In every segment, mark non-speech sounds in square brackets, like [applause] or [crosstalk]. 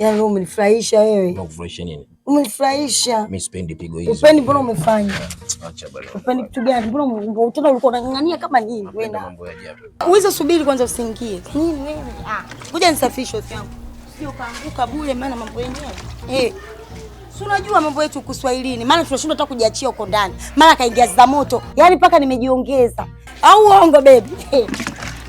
Yaani umenifurahisha wewe. Unakufurahisha nini? Umenifurahisha. Mimi sipendi pigo hizo. Upendi mbona umefanya? Eh, acha bwana. Upendi kitu gani? Mbona tena ulikuwa unang'ang'ania kama nini? Wewe mambo ya ajabu. Uweze subiri kwanza usiingie. Nini wewe? Ah, kuja nisafishe ofisi yangu. Sio kaanguka bure maana mambo yenyewe. Eh. Si unajua mambo yetu kuswahilini, maana tunashindwa hata kujiachia huko ndani. Mara kaingia za moto. Yaani paka nimejiongeza. Au uongo baby. [laughs] Eh,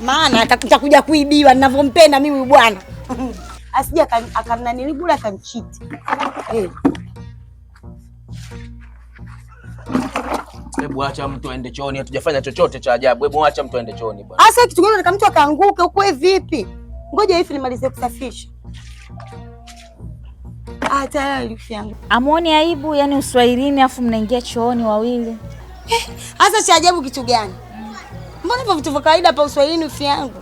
maana atakuja kuibiwa ninavyompenda mimi bwana. [laughs] asije akananili akanchiti hey. Eh. Hebu acha mtu aende chooni, hatujafanya chochote cha ajabu. Hebu acha mtu aende chooni bwana. Asa kitu gani kama mtu akaanguka huko vipi? Ngoja hivi nimalize kusafisha. Ah, Amuone aibu yani uswahilini afu mnaingia chooni wawili. Eh, Asa cha ajabu kitu gani? Mbona vitu vya kawaida pa uswahilini rafiki yangu?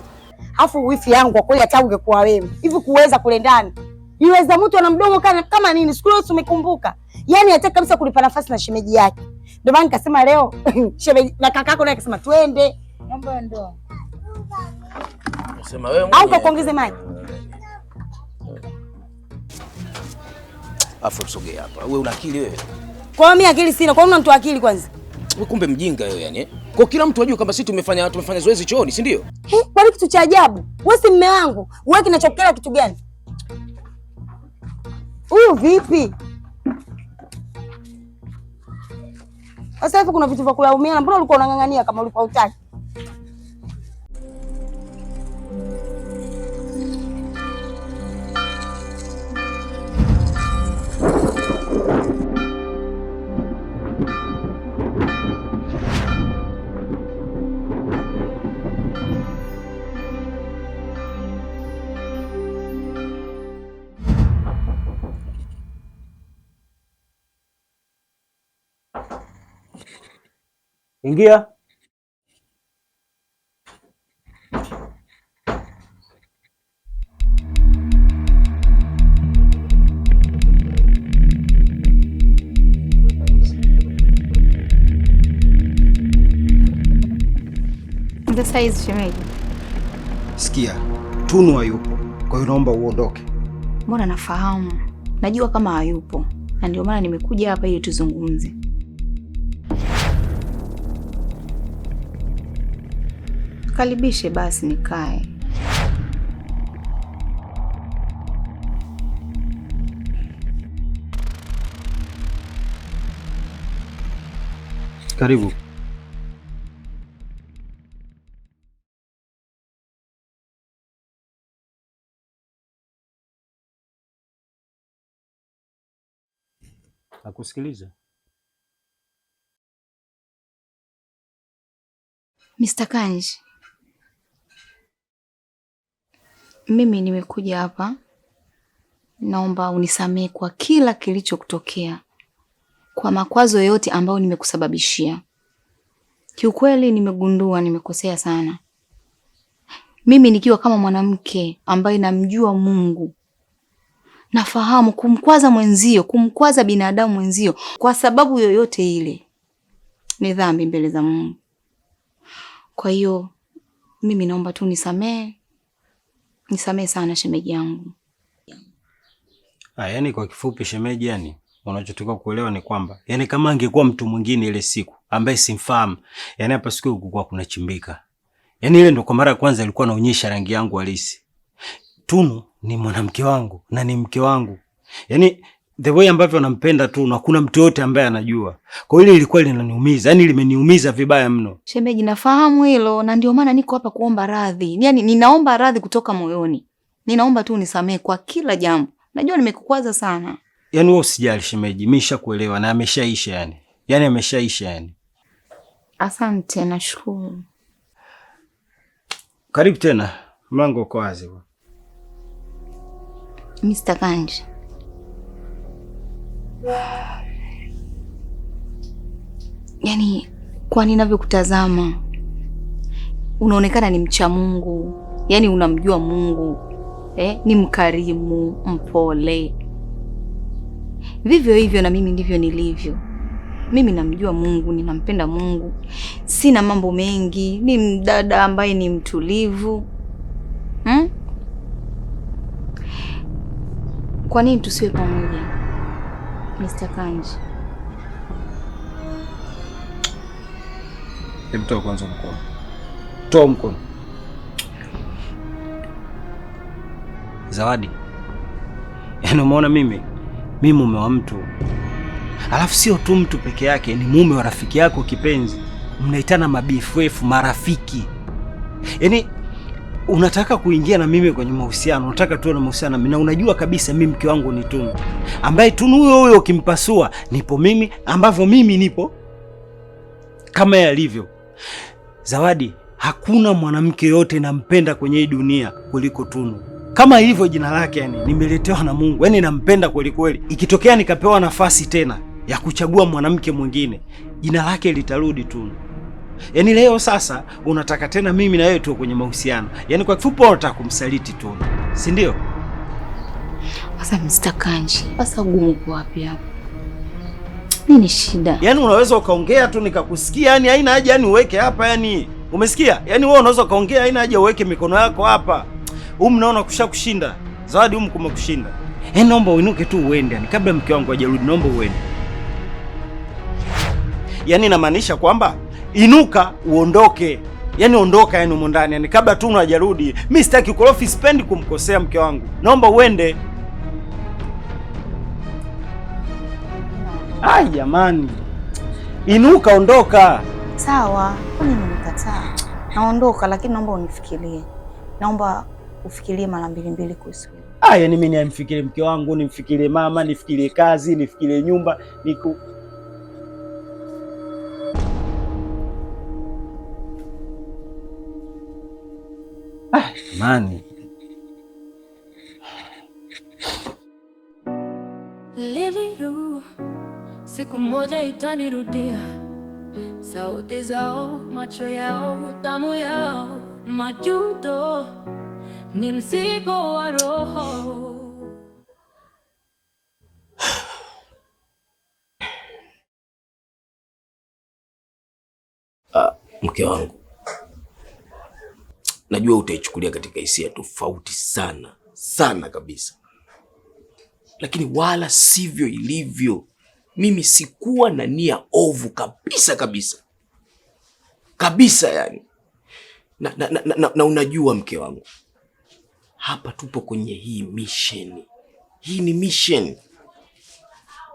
afu wifi yangu kwa kweli hata ungekuwa wewe hivi kuweza kule ndani iweza mtu ana mdomo kana kama nini, siku leo tumekumbuka, yani hata kabisa kulipa nafasi na shemeji yake. Ndio maana nikasema leo [laughs] shemeji na kaka yako naye akasema twende mambo ya ndoa, unasema wewe au kwa kuongeza maji afu usogee hapa. Wewe una akili wewe? Kwa mimi akili sina. Kwa nini mtu akili kwanza? Wewe kumbe mjinga wewe yani. Eh? Kwa kila mtu ajue kwamba sisi tumefanya tumefanya zoezi chooni, si ndio? Eh? kitu cha ajabu. Wewe si mme wangu, wewe kinachokera kitu gani? Huyu vipi? Sasa hivi kuna vitu vya kulaumia, mbona ulikuwa unang'ang'ania kama ulikuwa utaki? Ingia. Saizi shemeji, sikia, Tunu hayupo, kwa hiyo naomba uondoke. Mbona nafahamu, najua kama hayupo, na ndio maana nimekuja hapa ili tuzungumze. nikaribishe basi nikae. Karibu. Nakusikiliza. Mr. Kanji, Mimi nimekuja hapa, naomba unisamehe kwa kila kilichokutokea, kwa makwazo yote ambayo nimekusababishia. Kiukweli nimegundua nimekosea sana. Mimi nikiwa kama mwanamke ambaye namjua Mungu, nafahamu kumkwaza mwenzio, kumkwaza binadamu mwenzio kwa sababu yoyote ile ni dhambi mbele za Mungu. Kwa hiyo mimi naomba tu nisamehe Nisamee sana shemeji yangu. Ah, yani kwa kifupi shemeji, yani unachotaka kuelewa ni kwamba yani kama angekuwa mtu mwingine ile siku ambaye simfahamu, yani hapa siku kulikuwa kuna chimbika. Yani ile ndo kwa mara ya kwanza alikuwa anaonyesha rangi yangu halisi. Tunu ni mwanamke wangu na ni mke wangu. Yani the way ambavyo anampenda tu na kuna mtu yote ambaye anajua. Kwa hiyo ilikuwa linaniumiza, yani limeniumiza vibaya mno. Shemeji, nafahamu hilo na ndio maana niko hapa kuomba radhi. Yaani ninaomba radhi kutoka moyoni. Ninaomba tu unisamehe kwa kila jambo. Najua nimekukwaza sana. Yaani wewe usijali shemeji, mimi nishakuelewa na ameshaisha yani. Yaani ameshaisha yani. Asante, nashukuru. Karibu tena. Mlango uko wazi. Mr. Kanji. Yaani kwa ninavyokutazama unaonekana ni mcha Mungu, yaani unamjua Mungu eh, ni mkarimu, mpole. Vivyo hivyo na mimi ndivyo nilivyo. Mimi namjua Mungu, ninampenda Mungu, sina mambo mengi, ni mdada ambaye ni mtulivu hmm? Kwa nini tusiwe pamoja? Mr. Kanji. Hebu toa kwanza mkono. Toa mkono. Zawadi. Yaani umeona mimi? Mimi mume wa mtu. Alafu sio tu mtu peke yake, ni mume wa rafiki yako kipenzi. Mnaitana mabifuefu marafiki. Yaani unataka kuingia na mimi kwenye mahusiano, unataka tuwe na mahusiano na unajua kabisa mimi mke wangu ni Tunu, ambaye Tunu huyo huyo ukimpasua nipo mimi, ambavyo mimi nipo kama yalivyo Zawadi. Hakuna mwanamke yote nampenda kwenye hii dunia kuliko Tunu, kama hivyo jina lake, yani nimeletewa na Mungu, yani nampenda kweli kweli. Ikitokea nikapewa nafasi tena ya kuchagua mwanamke mwingine, jina lake litarudi Tunu. Yaani leo sasa unataka tena mimi na wewe tu kwenye mahusiano, yaani kwa kifupi unataka kumsaliti tu, si ndio? Sasa Mr. Kanji, sasa gumu kwa wapi hapo? Nini shida? Yaani unaweza ukaongea tu nikakusikia, yani haina haja yani uweke hapa yani. Umesikia? Yaani wewe unaweza ukaongea, haina haja uweke mikono yako hapa. Huu mnaona kusha kushinda. Zawadi mkuma kushinda. Eh, naomba uinuke tu uende yani kabla mke wangu hajarudi naomba uende. Yaani inamaanisha kwamba inuka uondoke, yani ondoka, yani umo ndani, yani kabla tu unajarudi. Mimi sitaki ukorofi, sipendi kumkosea mke wangu, naomba uende. Ai jamani, inuka, ondoka. Sawa, kwani nimekataa? Naondoka, lakini naomba unifikirie, naomba ufikirie mara mbili mbili kuhusu ni Mimi nimfikirie mke wangu, nimfikirie mama, nifikirie kazi, nifikirie nyumba, niku Amani. Liliru, siku moja itanirudia, sauti zao, macho yao, tamu yao, majuto ni mzigo wa roho. Ah, mke wangu najua utaichukulia katika hisia tofauti sana sana kabisa, lakini wala sivyo ilivyo. Mimi sikuwa na nia ovu kabisa kabisa kabisa, yani na, na, na, na, na unajua mke wangu, hapa tupo kwenye hii misheni. Hii ni misheni,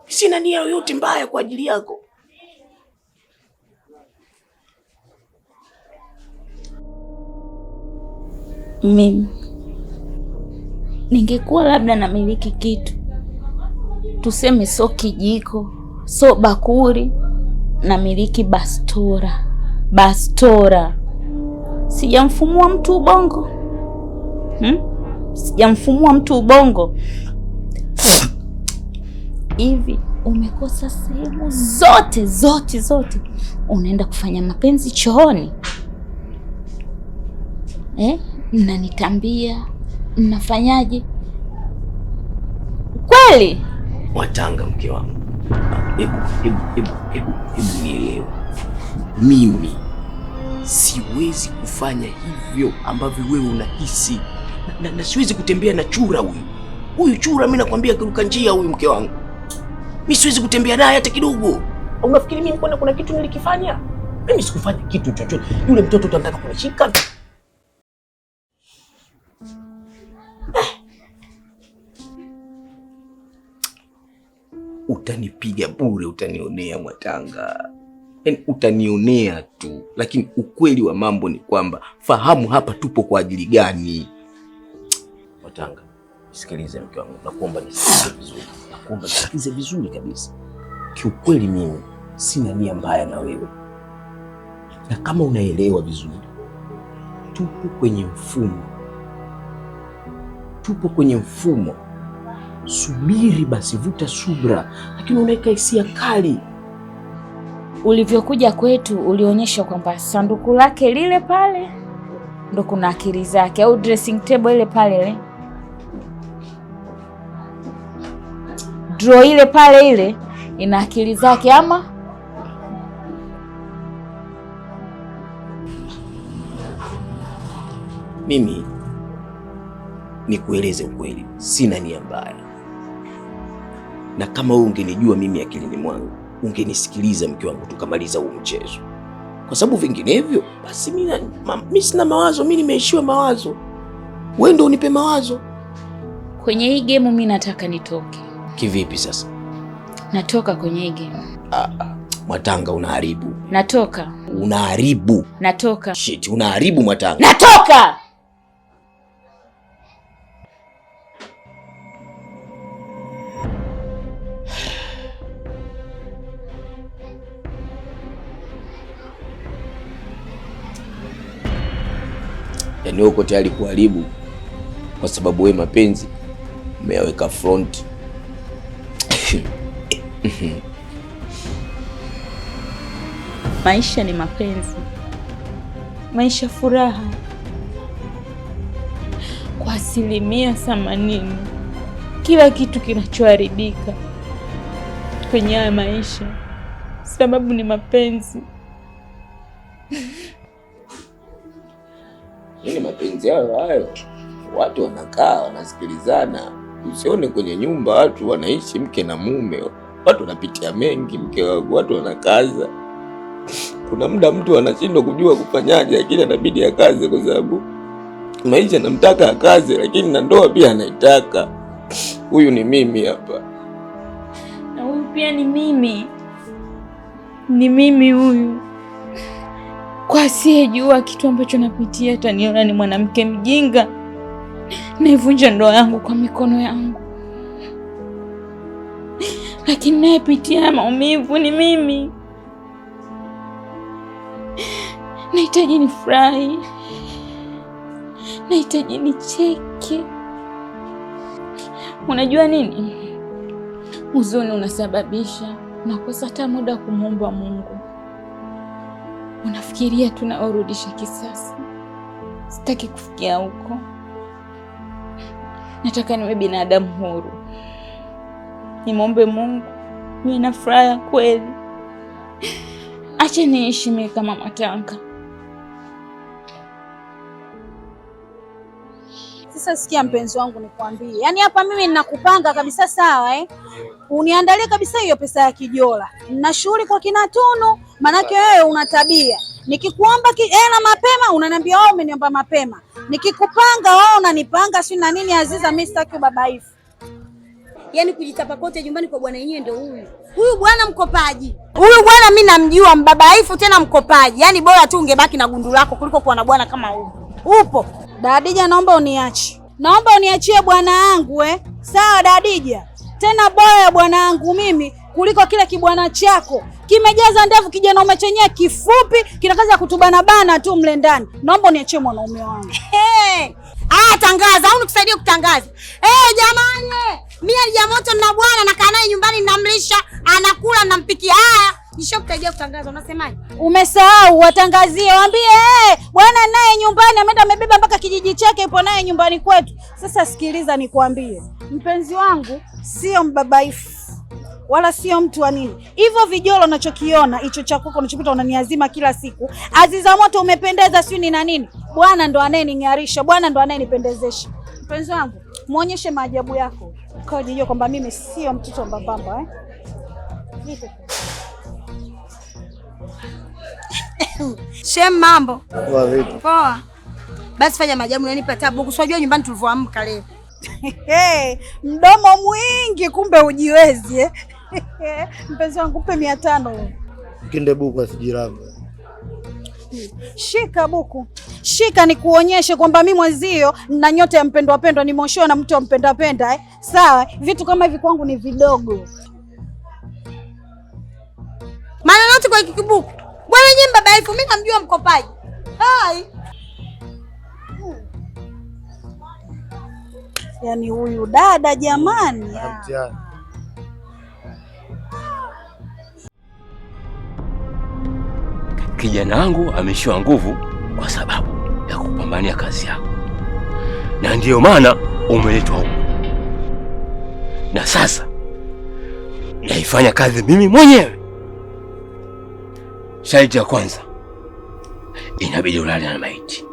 sina nia yoyote mbaya kwa ajili yako. mimi ningekuwa labda namiliki kitu, tuseme so kijiko, so bakuri, namiliki bastora. Bastora sijamfumua mtu ubongo hmm? Sijamfumua mtu ubongo hivi umekosa sehemu zote zote zote, unaenda kufanya mapenzi chooni eh? mnanitambia, mnafanyaje? Kweli watanga mke wangu, ah, hebu nielewe, mimi siwezi kufanya hivyo ambavyo wewe unahisi na, na siwezi kutembea na chura huyu huyu chura, mi nakwambia, kiruka njia huyu, mke wangu, mi siwezi kutembea naye hata kidogo. Unafikiri mimi mbona kuna kitu nilikifanya? Mimi sikufanya kitu chochote. Yule mtoto utataka kunishika utanipiga bure, utanionea Mwatanga, yaani utanionea tu, lakini ukweli wa mambo ni kwamba fahamu hapa tupo kwa ajili gani. Mwatanga, sikilize mke wangu, nakuomba nisikilize vizuri, nakuomba nisikilize vizuri kabisa. Kiukweli mimi sina nia mbaya na wewe, na kama unaelewa vizuri, tupo kwenye mfumo, tupo kwenye mfumo subiri basi, vuta subra, lakini unaweka hisia kali. Ulivyokuja kwetu ulionyesha kwamba sanduku lake lile pale ndo kuna akili zake, au dressing table ile pale ile draw ile pale ile ina akili zake ama mimi nikueleze ukweli, sina nia mbaya, na kama wewe ungenijua mimi akilini mwangu ungenisikiliza mke wangu, tukamaliza huu mchezo, kwa sababu vinginevyo basi mimi sina mawazo, mimi nimeishiwa mawazo. Wewe ndio unipe mawazo kwenye hii game. Mimi nataka nitoke. Kivipi sasa? Natoka kwenye hii game. Ah, ah, Mwatanga unaharibu. Natoka. Unaharibu. Natoka. Shit, unaharibu Mwatanga. Natoka. na yaani uko tayari kuharibu, kwa sababu we mapenzi umeyaweka front. [laughs] Maisha ni mapenzi, maisha furaha kwa asilimia themanini. Kila kitu kinachoharibika kwenye haya maisha sababu ni mapenzi. mapenzi hayo hayo, watu wanakaa wanasikilizana. Usione kwenye nyumba watu wanaishi mke na mume, watu wanapitia mengi, mke wangu, watu wanakaza. Kuna muda mtu anashindwa kujua kufanyaje, lakini anabidi akaze kwa sababu maisha anamtaka akaze, lakini na ndoa pia anaitaka. Huyu ni mimi hapa, na huyu pia ni mimi, ni mimi huyu kwa asiyejua kitu ambacho napitia ataniona ni mwanamke mjinga naivunja ndoa yangu kwa mikono yangu, lakini nayepitia maumivu ni mimi. Nahitaji nifurahi, nahitaji nicheke. Unajua nini, huzuni unasababisha nakosa hata muda wa kumwomba Mungu kufikiria tunaorudisha kisasi. Sitaki kufikia huko, nataka niwe binadamu huru. Nimwombe Mungu niwe na furaha ya kweli, acha niishi mimi kama matanga. sasa sikia mpenzi wangu, nikwambie, yaani hapa mimi ninakupanga kabisa, sawa eh? Uniandalie kabisa hiyo pesa ya kijola na shughuli kwa kina Tunu, maanake wewe una tabia nikikuomba ki, hela eh, mapema unaniambia wewe umeniomba mapema, nikikupanga wao unanipanga si na nini. Aziza, mimi sitaki baba hivi. yaani kujitapa kote nyumbani kwa bwana yenyewe. Ndio huyu huyu bwana mkopaji huyu bwana, mimi namjua mbabaifu, tena mkopaji. Yaani bora tu ungebaki na gundu lako kuliko kuwa na bwana kama huyu upo. Dadija, naomba uniache, naomba uniachie bwana wangu eh. Sawa Dadija, tena boya bwana wangu mimi kuliko kile kibwana chako kimejaza ndevu, kijanaume chenyewe kifupi, kina kazi ya bana tu mle ndani. Naomba uniachie mwanaume wangu. [laughs] Hey, aya, tangaza au nikusaidie kutangaza? Hey, jamani, mimi alijamoto na bwana nakaa naye nyumbani, namlisha, anakula, nampikia. Haya Nishakutajia kutangaza, unasemaje? Umesahau, watangazie, waambie hey, eh, bwana naye nyumbani ameenda, amebeba mpaka kijiji chake, ipo naye nyumbani kwetu. Sasa sikiliza, nikuambie mpenzi wangu, sio mbabaifu wala sio mtu wa nini hivyo vijolo unachokiona hicho cha kwako unachopita unaniazima kila siku. Aziza moto umependeza, sio ni na nini? Bwana ndo anayening'arisha, Bwana ndo anayenipendezesha. Mpenzi wangu, muonyeshe maajabu yako, kwa jijua kwamba mimi sio mtoto mbambamba eh? [laughs] Shem, mambo poa. Basi fanya majamu, unanipa tabu. kusajua nyumbani tulivyoamka leo. [laughs] Hey, mdomo mwingi kumbe ujiwezi eh? [laughs] Mpenzi wangu mpe mia tano mkinde buku asijiramba. Shika buku, shika nikuonyeshe kwamba mi mwenzio na nyote ya mpendwa pendwa, nimoshiwa na mtu wa mpenda penda eh? Sawa, vitu kama hivi kwangu ni vidogo, maana yote kwa kikibuku wewe nyinyi baba elfu, mimi namjua mkopaji. Hai. Yaani huyu dada jamani. Ya. Kijana wangu ameshiwa nguvu kwa sababu ya kupambania kazi yako, na ndiyo maana umeletwa huku, na sasa naifanya kazi mimi mwenyewe shaiti ya kwanza, inabidi ulale na maiti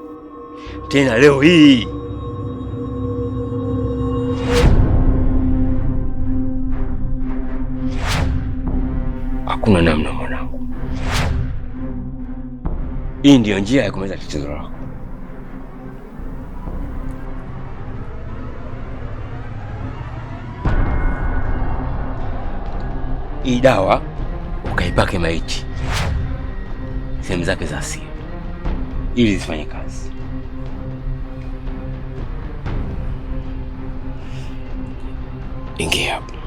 tena leo hii. Hakuna namna, mwanangu. Hii ndiyo njia ya kumaliza tatizo lako. Hii dawa ukaipake maiti sehemu zake za asili ili zifanye kazi. Ingia hapo.